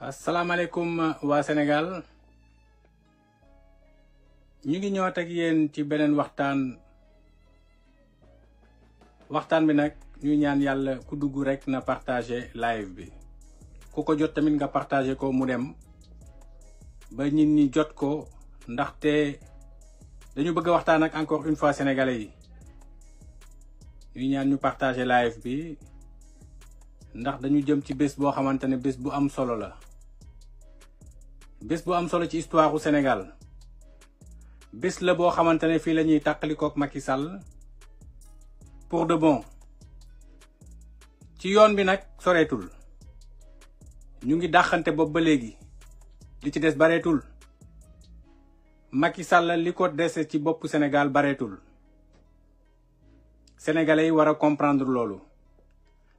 asalaamaaleykum wa senegal ñu ngi ñëwaat ak yéen ci beneen waxtaan waxtaan bi nag ñu ñaan yàlla ku dugg rek na partager live bi ku ko jot tamit nga partager ko mu dem ba nit ñi jot ko ndaxte dañu bëgg waxtaan ak encore une fois sénégalais yi ñu ñaan ñu partager live bi ndax dañu jëm ci bés bo xamantene bés bu am solo la bés bu am solo ci histoire u Sénégal bés la bo xamantene fi lañuy la ñuy tàqalikook Macky Sall pour de bon ci yoon bi nak soretul ñu ngi daxante bopp ba légui li ci des bareetul Macky Sall li ko dese ci bop Sénégal bareetul sénégalais wara comprendre loolu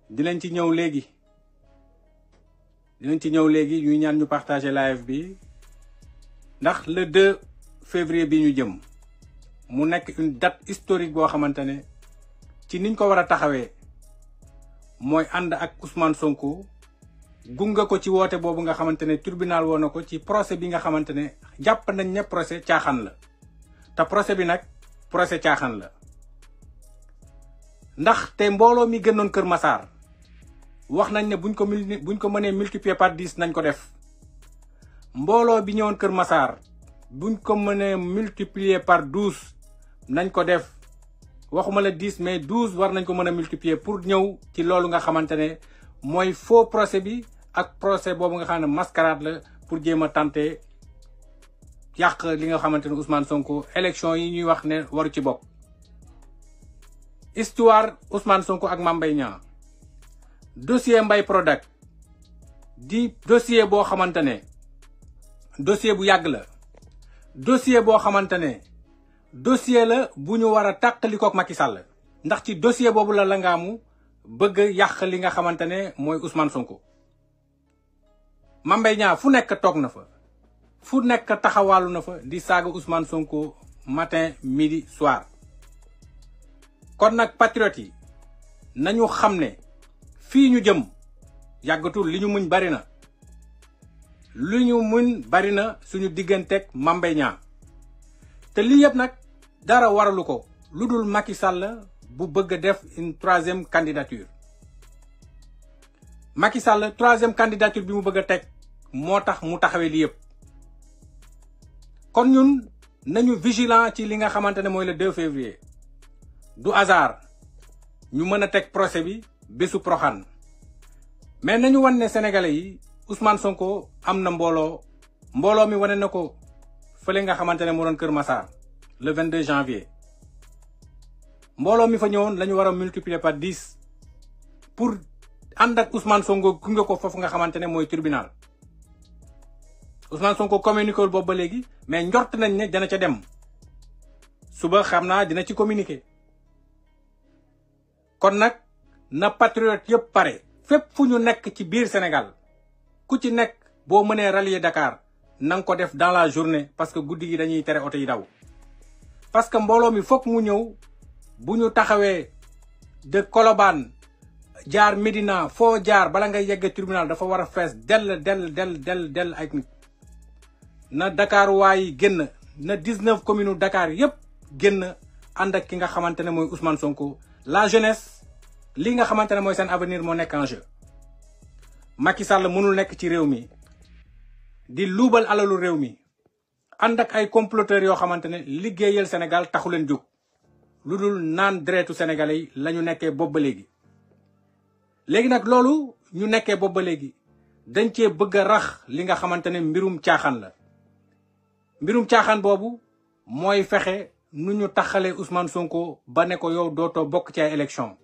dinañ ci ñëw léegi dinañ ci ñëw léegi ñuy ñaan ñu partager live bi ndax le 2 février bi ñu jëm mu nekk une date historique bo xamantene ci niñ ko wara taxawé moy and ak Ousmane Sonko gunga ko ci woote bobu nga xamantene tribunal wonako ci procès bi nga xamantene japp nañ ne procès caaxaan la ta procès bi nak procès caaxaan la ndax te mbolo mi gënon Kër Massar wax nañ ne buñ ko buñ ko mënee multiplier par dix nañ ko def mbooloo bi ñëwoon Kër Massar buñ ko mënee multiplier par douze nañ ko def waxuma la dix mais douze war nañ ko mën a multiplier pour ñëw ci loolu nga xamante ne mooy faux procès bi ak procès boobu nga xam ne mascarade la pour jéem a tenter yàq li nga xamante ne Ousmane Sonko élection yi ñuy wax ne waru ci bopp histoire Ousmane Sonko ak Mame Mbaye dossier mbay produk, di dossier bo xamantene dossier bu yag la dossier bo xamantene dossier la buñu wara war a tàqalikook Macky Sall ndax ci dossier bobu la la ngaamu bëgg yàq li nga xamantene moy Ousmane Sonko Mambay Nia fu nek tok na fa fu nek taxawalu na fa di saga Ousmane Sonko matin midi soir kon patrioti, patriote yi nañu xamne Fi ñu jëm yagatul li ñu muñ bari na lu ñu muñ bari na suñu digganteeg Mambay té li nak dara waralu ko lu Macky Sall bu bëgg def une troisième candidature Macky Sall troisième candidature bi mu bëgg tek motax mu taxawé li kon ñun nañu vigilant ci li nga xamantene moy le 2 février du hasard ñu mëna tek procès bi bésu proxane mais nañu wone sénégalais yi Ousmane Sonko amna mbolo mbolo mi wone nako fele nga xamantene mo don keur Kër Massar le 22 janvier mbolo mi fa ñewon lañu wara multiplier par 10 pour and ak Ousmane Sonko ku nga ko fofu nga xamantene moy tribunal Ousmane Sonko communiquer wul boobu ba léegi mais njort nañ ne dana ca dem suba xamna dina ci communiquer kon nak na patriote yëpp pare fépp fu ñu nekk ci biir Sénégal ku ci nekk boo mënee rallier dakaar na ko def dans la journée parce que guddi gi dañuy tere oto yi daw parce que mbooloo mi foog mu ñëw bu ñu taxawee de Colobane jaar Médina foo jaar bala ngay yegg tribunal dafa war a fees dell dell dell dell dell ak nit na Dakar waayi génn na 19 communes Dakar yëpp génn ànd ak ki nga xamante ne mooy Ousmane Sonko la jeunesse li nga xamante ne mooy seen avenir moo nekk en jeu mënul nekk ci réew mi di luubal alalu réew mi ànd ak ay comploteurs yoo xamante ne liggéeyal Sénégal taxu leen jóg lu dul naan deretu sénégalais yi la ñu nekkee boobu ba léegi. léegi nag loolu ñu nekkee boobu ba léegi dañ cee bëgg a rax li nga xamante ne mbirum caaxaan la mbirum caaxaan boobu mooy fexe nu ñu taxalee Ousmane Sonko ba ne ko yow dootoo bokk ci ay élection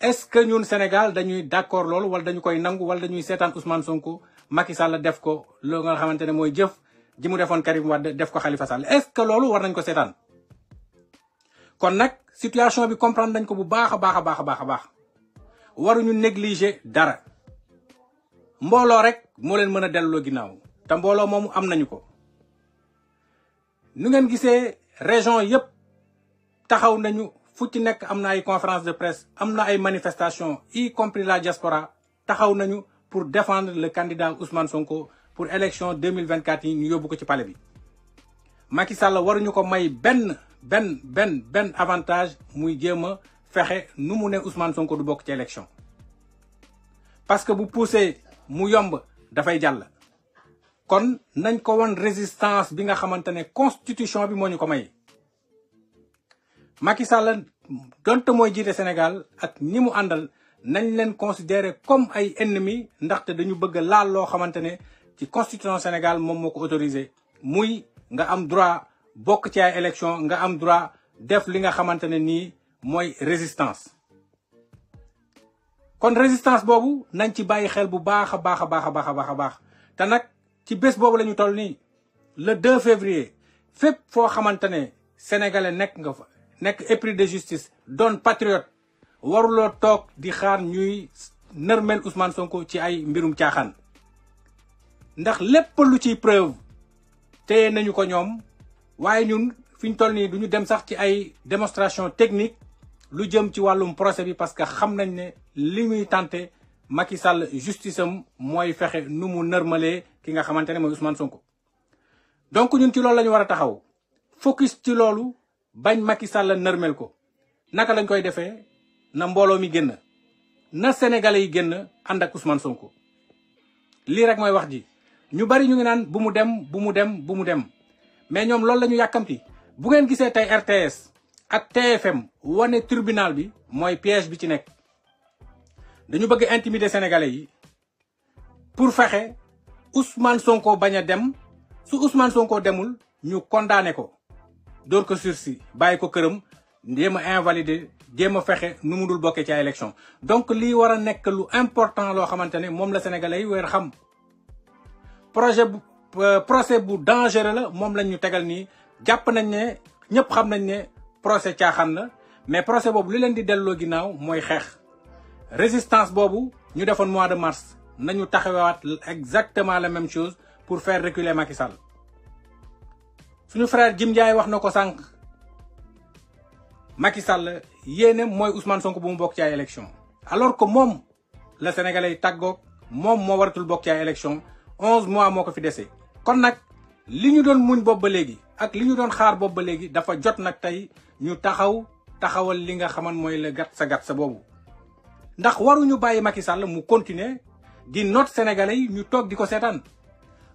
est-ce que ñun Sénégal dañuy d'accord loolu wala dañu koy nangu wala dañuy seetaan Ousmane Sonko Macky Sall def ko loo nga xamante ne mooy jëf ji mu defoon Karim Wade def ko Khalifa Sall est que loolu war nañ ko seetaan kon nag situation bi comprendre nañ ko bu baax a baax a baax a baax waru ñu waruñu dara mbooloo rek moo leen mën a delloo ginnaaw te mbooloo moomu am nañu ko nu ngeen gisee région yépp taxaw nañu Foutinek ci y conférence de presse amna manifestation, y compris la diaspora taxaw nañu pour défendre le candidat Ousmane Sonko pour élection 2024 yi ñu yóbbu ko ci palais bi Macky Sall waru ñuko may Ben Ben Ben Ben avantage muy jema fexé nu mu Ousmane Sonko du bok ci élection parce que bu poussé mu yomb dafay jall. kon nañ ko won résistance bi nga xamante constitution bi moo may Macky Sall donte moy jité Sénégal ak ni mu andal. nañ leen considérer comme ay ennemi ndaxte dañu bëgg la lo loo ci constitution Sénégal mom moko autoriser autorisé muy nga am droit bok ci ay élection nga am droit def li nga xamante ni moy résistance kon résistance Bobu, nañ ci bàyyi xel bu baaxa baaxa baaxa baaxa baaxa baax a nak ci bës bobu lañu toll ni le 2 février fep fo xamante sénégalais nek nga fa nek épris de justice donne patriote Warlord tok di xaar ñuy nërmeel Ousmane Sonko ci ay mbirum caaxaan ndax lepp lu ci preuve téye nañu ko ñom waye ñun fiñ ñu toll dem sax ci ay démonstration technique lu jëm ci walum procès bi parce que xam nañ ne li muy tenté Macky Sall justice am mooy fexe nu mu nërmalee ki nga xamante moy Ousmane Sonko donc ñun ci loolu la wara taxaw focus ci loolu bañ Macky Sall nërmel ko naka lañ koy defee na mbooloo mi génn na sénégalais yi génn ànd ak Ousmane Sonko lii rek mooy wax ji ñu bari ñu ngi naan bu mu dem bu mu dem bu mu dem mais ñoom loolu la ñu yàkkamti bu ngeen gisee tey RTS ak TFM wane tribunal bi mooy piège bi ci nekk dañu bëgg intimider sénégalais yi pour fexe Ousmane Sonko bañ a dem su Ousmane sonkoo demul ñu condamné ko door ko sursis bàyyi ko këram jéem a invalider jéem a fexe nu mu dul bokkee ci élection donc lii war a nekk lu important loo xamante ne moom la sénégalais yi weer xam projet bu euh, procès bu dangereux la moom lañ ñu tegal nii jàpp nañ ne ñëpp xam nañ ne procès caaxaan la mais procès boobu li leen di delloo ginnaaw mooy xeex résistance boobu ñu defoon mois de mars nañu taxawaat exactement la même chose pour faire reculer Macky Sall suñu frère Jim Ndiaye wax Macky Sall Ousmane Sonko bu alors que mom le sénégalais Tago, mom mo ci élection onze mois moko fi déssé kon nak liñu muñ ba légui ak liñu xaar ba dafa jot nak tay ñu taxaw taxawal li nga xamant gat sa gat sa bobu ndax waruñu Macky continuer di sénégalais ñu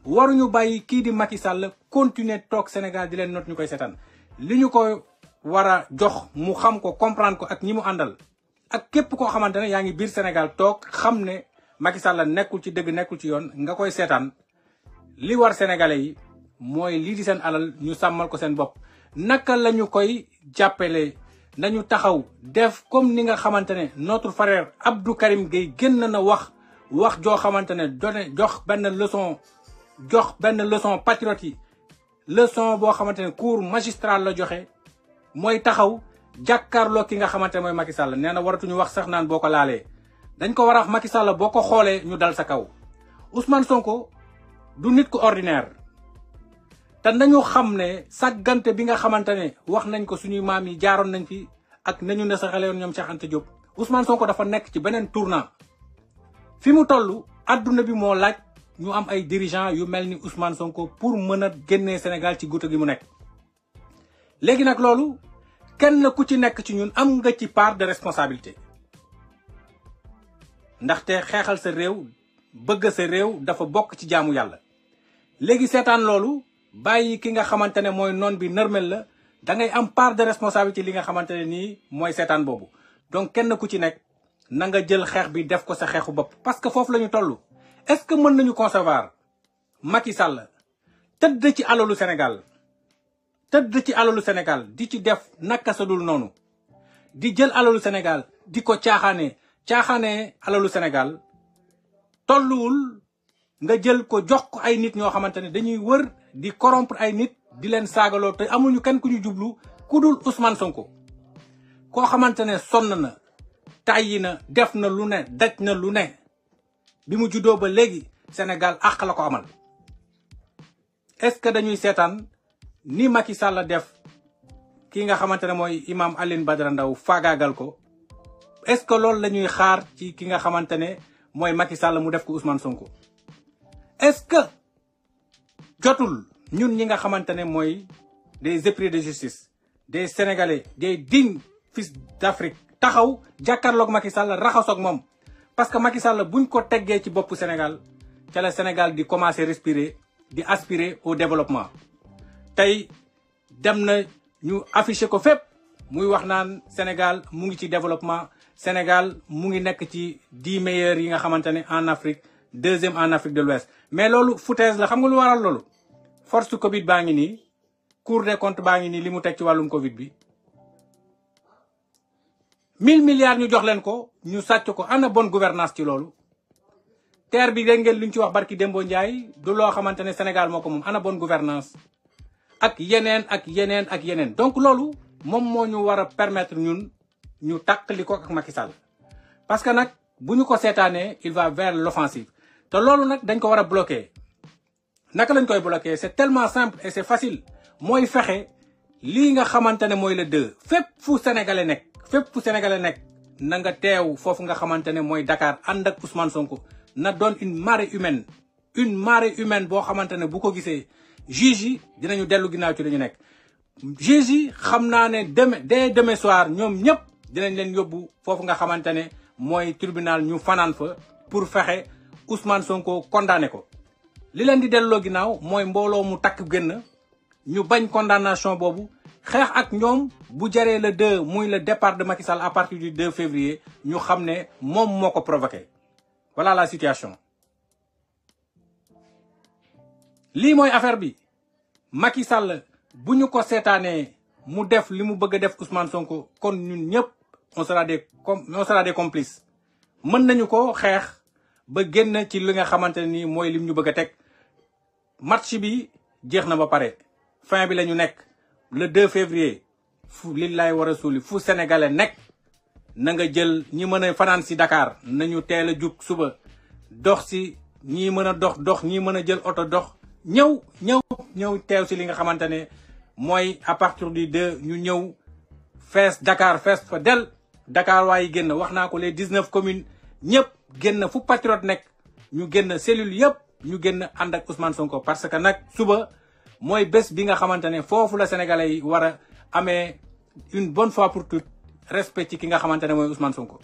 waruñu bàyyi kii di Macky Sall continuer toog Sénégal di leen not ñu koy seetaan li ñu ko war a jox mu xam ko comprendre ko ak ñi mu àndal ak képp koo xamante ne yaa ngi biir Sénégal toog xam ne Macky Sall nekkul ci dëgg nekkul ci yoon nga koy seetaan li war sénégalais yi mooy lii di seen alal ñu sàmmal ko seen bopp naka la ñu koy jàppale nañu taxaw def comme ni nga xamante ne notre frère Abdou Karim Gueye génn na wax wax joo xamante ne donné jox benn leçon jox ben leçon patriote leçon bo xamantene cour magistral la joxe moy taxaw jakarlo ki nga xamantene moy Macky Sall neena waratu ñu wax sax naan boko laalé dañ ko war Macky Sall boko ko ñu dal sa kaw Ousmane Sonko du nit ko ordinaire ta nañu xam sagante bi nga xamantene wax nañ ko suñu mam yi jaaroon nañ fi ak nañu na sa xeleyoon ñom Cheikh Anta Diop Ousmane Sonko dafa nekk ci benen tournant fi mu tollu aduna bi mo laaj Nous avons un dirigeant, yu Ousmane Sonko pour mener le Sénégal ci guuta gi mu qui est nag loolu nous ku ci nous part de responsabilité ndaxte xeexal sa réew bëgg sa réew dafa bokk ci jaamu de ki nga bi un la part de responsabilité li nga donc kenn ku ci na nga jël responsabilité? def parce que vous la nous est-ce que mën nañu concevoir mati sàll tëdd ci alalu senegal tëdd ci alalu senegal di ci def naka sa dul noonu di jël alalu senegal di ko caaxaane caaxaane alalu senegal tolluwul nga jël ko jox ko ay nit ñoo xamante ne dañuy wër di corrompre ay nit di leen saagaloo te amuñu kenn ku ñu jublu ku dul Ousmane Sonko koo xamante ne sonn na tàyyi na def na lu ne daj na lu ne bi mu juddoo ba léegi Sénégal àq la ko amal est-ce que dañuy seetaan ni Macky Sall def ki nga xamante ne mooy imam Alioune Badara ndaw faagaagal ko est-ce que loolu la ñuy xaar ci ki nga xamante ne mooy Macky Sall mu def ko Ousmane Sonko est-ce que jotul ñun ñi nga xamante ne mooy des épris de justice des sénégalais des dignes fils d'Afrique taxaw jàkkaarloog Macky Sall raxasoog moom parce que Macky Sall buñ ko teggee ci au Sénégal ca la Sénégal di commencer respirer di aspirer au développement tey dem na ñu afficher ko fépp muy wax naan Sénégal mu ngi ci développement Sénégal mu ngi nekk ci dix meilleurs yi nga xamante en Afrique deuxième en Afrique de l'Ouest mais lolu foutaise la xam nga lu waral lolu force Covid baa ni Cour des comptes baa ni limu li ci wàllum Covid bi 1000 milliards ñu jox leen ko ñu sàcc ko ana bonne gouvernance ci lolu terre bi dégg ngeen luñ ci wax barki Dembo ndjay du lo xamantene ne Sénégal moo ko ana bonne gouvernance ak yenen ak yenen ak yenen donc lolu mom mo ñu wara permettre ñun ñu tàqali ko ak Macky Sall parce que nak buñu ko seetaanee il va vers l'offensive te lolu nak dañ ko wara bloquer nak lañ koy bloquer c'est tellement simple et c'est facile moy fexé li nga xamantene moy le deux fep fu sénégalais nek fépp fu sénégalais nekk na nga teew foofu nga xamante ne mooy Dakar ànd ak Ousmane Sonko na doon une marée humaine une marée humaine boo xamante ne bu ko gisee juge yi dinañu dellu ginnaaw ci li ñu nekk. juge yi xam naa ne demain dès demain soir ñoom ñëpp dinañ leen yóbbu foofu nga xamante ne mooy tribunal ñu fanaan fa pour fexe Ousmane Sonko condamné ko. li leen di delloo ginnaaw mooy mbooloo mu takk génn ñu bañ condamnation boobu. xex ak ñom bu jaré le 2 muy le départ de Macky Sall à partir du 2 février ñu xamné mom moko moo provoqué voilà la situation li moy affaire bi Macky Sall bu ñu ko sétané mu def limu bëgg def Ousmane Sonko kon ñun ñëpp on sera des on sera des complices mën nañu ko xex ba génn ci li nga xamanteni ne nii lim ñu bëgg a match bi jeex na ba paré fin bi lañu nek le 2 février fu li lay war fu sénégalais nek na nga jël ñi mëna a fanaan Dakar nañu teel juk suba dox ci ñi mëna dox dox ñi mëna a jël auto dox ñëw ñëw ñëw téw ci li nga xamante moy à partir du 2 ñu ñew fess Dakar fess fa del Dakar waaye génn waxna ko les 19 communes ñep génn fu patriote nek ñu génn cellule yëpp ñu génn and ak Ousmane Sonko parce que nak suba. mooy bés bi nga xamante ne foofu la sénégalais yi war a amee une bonne fois pour toutes respect ci ki nga xamante ne mooy Ousmane Sonko.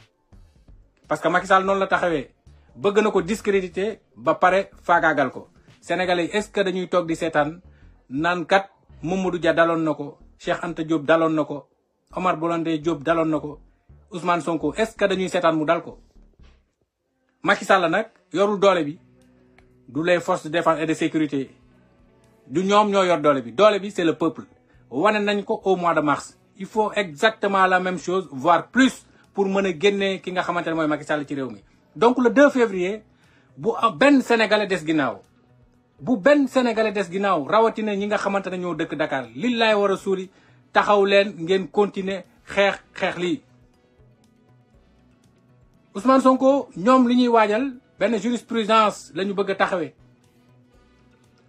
parce que Macky Sall noonu la taxawee bëgg na ko discréditer ba pare faagaagal ko sénégalais yi est-ce que dañuy toog di seetaan naankat kat Mamadou Dia daloon na ko Cheikh ante Diop daloon na ko Omar Blondin Diop daloon na ko Ousmane Sonko est-ce que dañuy seetaan mu dal ko. Macky Sall nag yorul doole bi du les forces de défense et de sécurité. du ñoom ñoo doole bi doole bi c'est le peuple wane nañ ko au mois de mars il faut exactement la même chose voire plus pour mën a ki nga xamante ne Macky Sall ci mi donc le 2 février bu ben sénégalais des ginnaaw bu ben sénégalais des ginnaaw rawatina ñi nga xamante ñoo dëkk Dakar li laay war a taxaw leen ngeen continuer xex xex li Ousmane Sonko ñom li ñuy waajal ben jurisprudence la ñu bëgg taxawé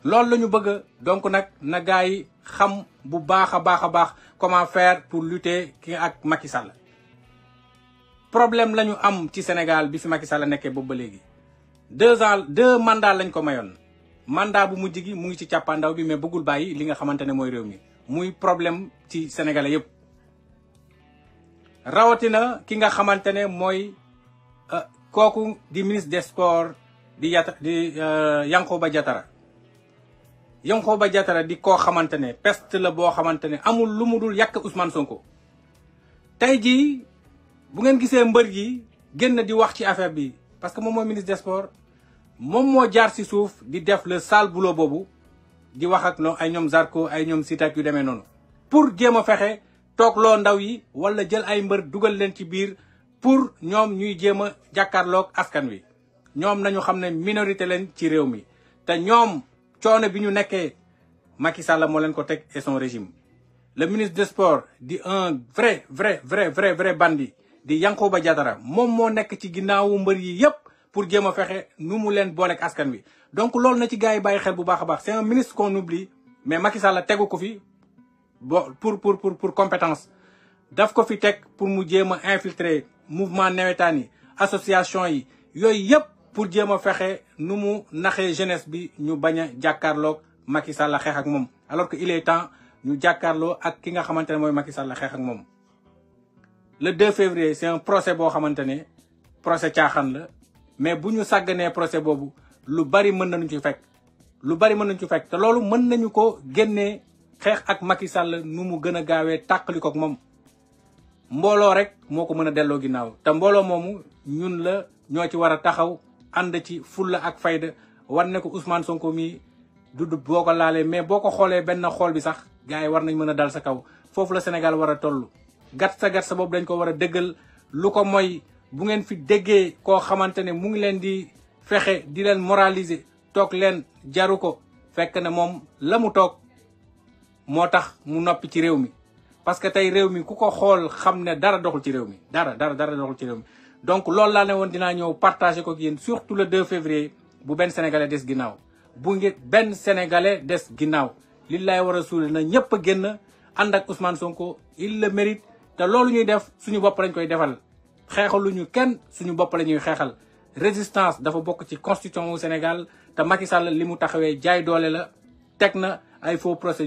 loolu la ñu bëgg donc nag na gars yi xam bu baax a baax a baax comment fair pour lutter ki ak Macky Sall problème la ñu am ci Sénégal bi fi Macky la nekkee boobu ba léegi deux ans deux mandats lañ ko mayoon mandat bu mujj gi mu ngi ci càppaandaw bi mais bëggul bàyyi li nga xamante ne mooy réew mi muy problème ci sénégalais yëpp rawatina ki nga xamante ne mooy euh, kooku di ministre des sports di yata di euh, Yankhoba Diattara ba Diattara di koo xamante ne peste la boo xamante ne amul lu mu dul yàq Ousmane Sonko tey jii bu ngeen gisee mbër yi génn di wax ci affaire bi parce que moom mooy ministre de sports moom moo jaar si suuf di def le sale boulot boobu di wax ak no ay ñoom Zarko ay ñoom Sitak yu demee noonu. pour jéem a fexe toog loo ndaw yi wala jël ay mbër dugal leen ci biir pour ñoom ñuy jéem a jàkkaarloog askan wi ñoom nañu xam ne minorité leen ci réew mi te ñoom. coono biñu nekké Macky Sall mo len ko tek et son régime le ministre des sports di un vrai vrai vrai vrai vrai bandi di Yankoba Diattara mom mo nek ci ginnaawu mbeur yi yep pour djema fexé fexe nu mu bolé ak askan wi donc loolu na ci gaay yi xel bu c'est un ministre qu'on oublie mais Macky Sall tegu ko fi pour pour pour pour compétence daf ko fi tek pour mu djema infiltrer mouvement newetani association yi yoy yep pour jéem fexé numu naxé jeunesse bi ñu baña jakarlo Macky Sall xex ak mom alors que il est temps ñu jakarlo ak ki nga xamantene moy Macky Sall xex ak mom le 2 février c'est un procès bo xamantene procès tiaxan la mais bu ñu procès bobu lu bari mën nañ ci fekk lu bari mën nañ ci fekk té lolu mën nañu ko génné xex ak Macky Sall numu gëna gaawé a ak mom mbolo rek moko mëna dello ginnaw té mbolo momu ñun la ñoo ci wara taxaw. ànd ci fulla ak fayda war ne ko Ousmane Sonko mii du boo ko laalee mais boo ko xoolee benn xool bi sax gaa yi war nañ mën a dal sa kaw foofu la Sénégal war a toll gat sa gat sa boobu dañ ko war a dëggal lu ko mooy bu ngeen fi déggee koo xamante ne mu ngi leen di fexe di leen moraliser toog leen jaru ko fekk ne moom la mu toog moo tax mu noppi ci réew mi parce que tey réew mi ku ko xool xam ne dara doxul ci réew mi dara dara dara doxul ci réew mi donc ne dit partager surtout le 2 février pour ben sénégalais des bu ngi sénégalais des na a Ousmane Sonko il le mérite te loolu ñuy def suñu bopp lañ koy defal kenn suñu bopp Ils résistance dafa beaucoup ci constitution au Sénégal te Macky Sall li mu jaay doole la na faux procès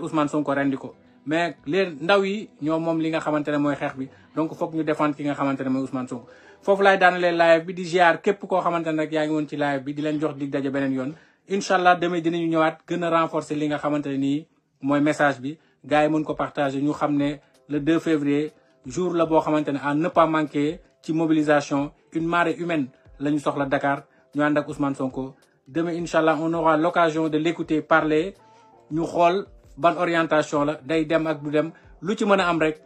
Ousmane Sonko rendi mais les ndaw yi ñoo moom li nga xamante ne mooy xeex bi donc foog ñu défendre ki nga xamante ne mooy Ousmane Sonko foofu laay daanalee live bi di ziar képp koo xamante ne rek yaa ngi woon ci live bi di leen jox dig daje beneen yoon incha allah demee dinañu ñëwaat gën a renforcer li nga xamante ne nii mooy message bi gars yi mën ko partager ñu xam ne le 2 février jour la boo xamante ne à ne pas manquer ci mobilisation une marée humaine la soxla Dakar ñu ànd ak Ousmane Sonko demain inshallah, on aura l'occasion de l'écouter parler ñu xool ban orientation la day dem ak bu dem lu ci mën a am rek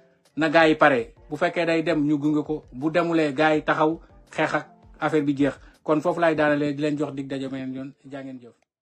na gars yi pare bu fekkee day dem ñu gunge ko bu demulee gars yi taxaw xeex ak affaire bi jeex kon foofu laay daanalee di leen jox dig daje ma leen yoon jaa